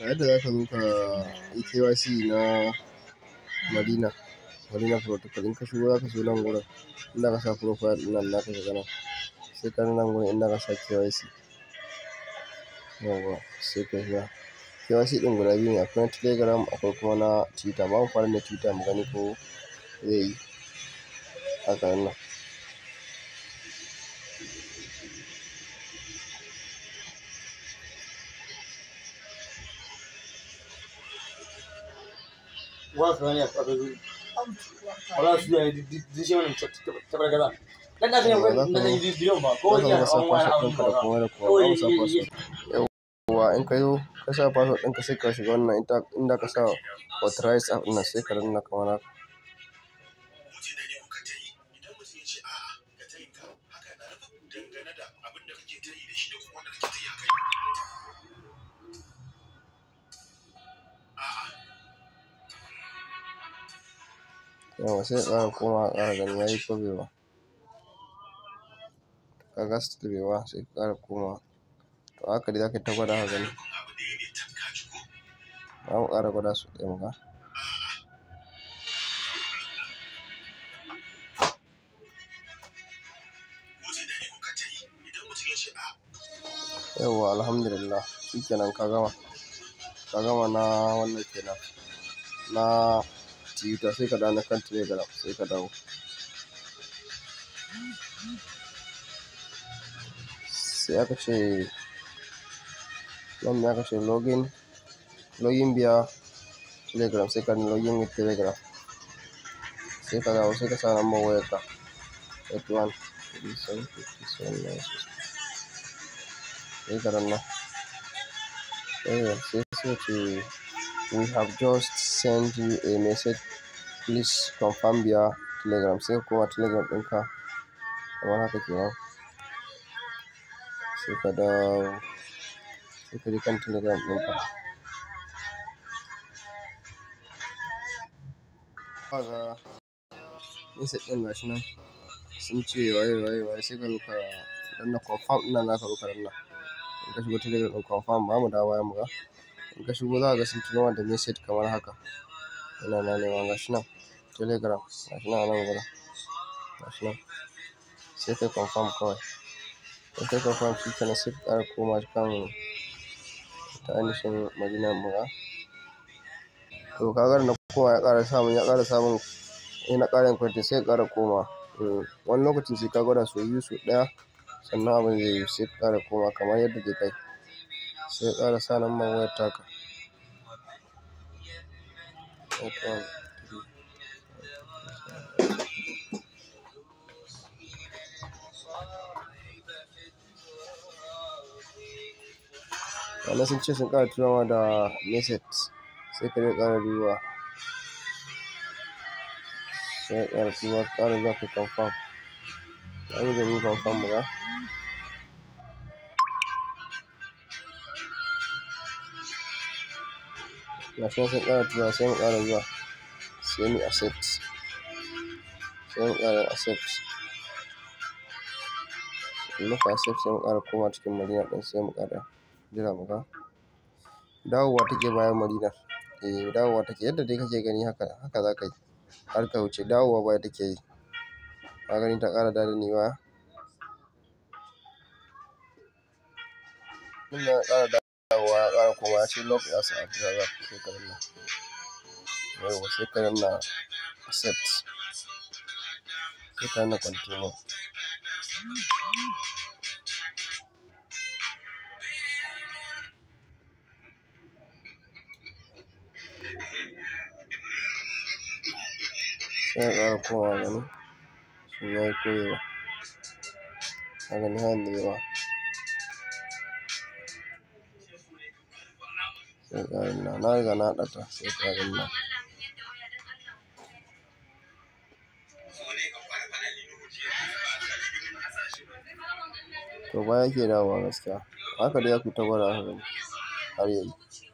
yadda za ka zo ka yi KYC na Madina, Madina protocol in ka shigo za ka shigo nan gurin inda ka sa profile ɗin nan naka shiga nan sai ka nan gurin inda ka sa KYC yawwa sai ka shiga KYC ɗin guda biyu ne akwai na Telegram akwai kuma na Twitter ba mu fara na Twitter mu gani ko zai yi haka nan gwana tunani a kafin zuri wala su gaza ba in ka yo ka sa password ɗinka sai ka shiga wannan inda ka sa authorize app ɗin sai ka danna kamar haka da da yawa sai ƙara komawa ƙara gani yayi ko ka ba kaga still bai ba sai ƙara komawa to haka dai zaka ta gwada ka gani za mu ƙara gwada su ɗaya mu ga yawwa alhamdulillah shikenan ka gama ka gama na wannan kenan na su yi ta sai ka dawo na kan telegram sai ka dawo sai aka ce nan ne aka ce login login biya telegram sai ka ne login with telegram sai ka dawo sai ka sa number wayar ka 81 57 57 sai ka ranna sai sai ce we have just sent you a message please confirm via telegram sai kuma telegram ɗinka kamar haka telegram confirm za ka ka telegram ɗin confirm ba mu dawo in ka shigo za ga sun tuno da message kamar haka yana na neman gashi nan telegram gashi nan a nan ga gashi nan sai kai confirm kawai in kai confirm shi kenan sai ka ƙara koma kan ta ainihin madinan mura to kagar na koma ya ƙara samun ya ƙara samun yana eh, ƙara yin kwanti sai ya ƙara koma eh, wani lokacin sai ka gwada su yi sau ɗaya sannan abin zai yi sai ka ƙara koma kamar yadda zai kai sai ya ƙara sa lamban wayar taka wannan sun ce sun ƙara turawa da meset sai ka zai ƙara duba sai ƙara duba ƙara zafi kamfam confirm an yi da ni confirm ba ga sun ƙara tura sai mu ƙara zuwa sai mu accept sai mu ƙara accept in muka accept sai mu ƙara koma cikin madina ɗin sai mu ƙara jira mu ga dawowa take bayan madina eh dawowa take yadda dai kake gani haka haka za ka yi har ka wuce dawowa baya take yi ka gani ta ƙara dawowa baya. ƙara koma ya ce log ya sa address za ka shekarun ka danna yauwa sai ka set accept sai kwantino sai ka ƙara koma gani sun ya yi koyewa a gani hanyar da yawa sai na riga na ɗata sai ƙarin nan to baya ke dawowa gaskiya haka dai ya ku ta gwada har yanzu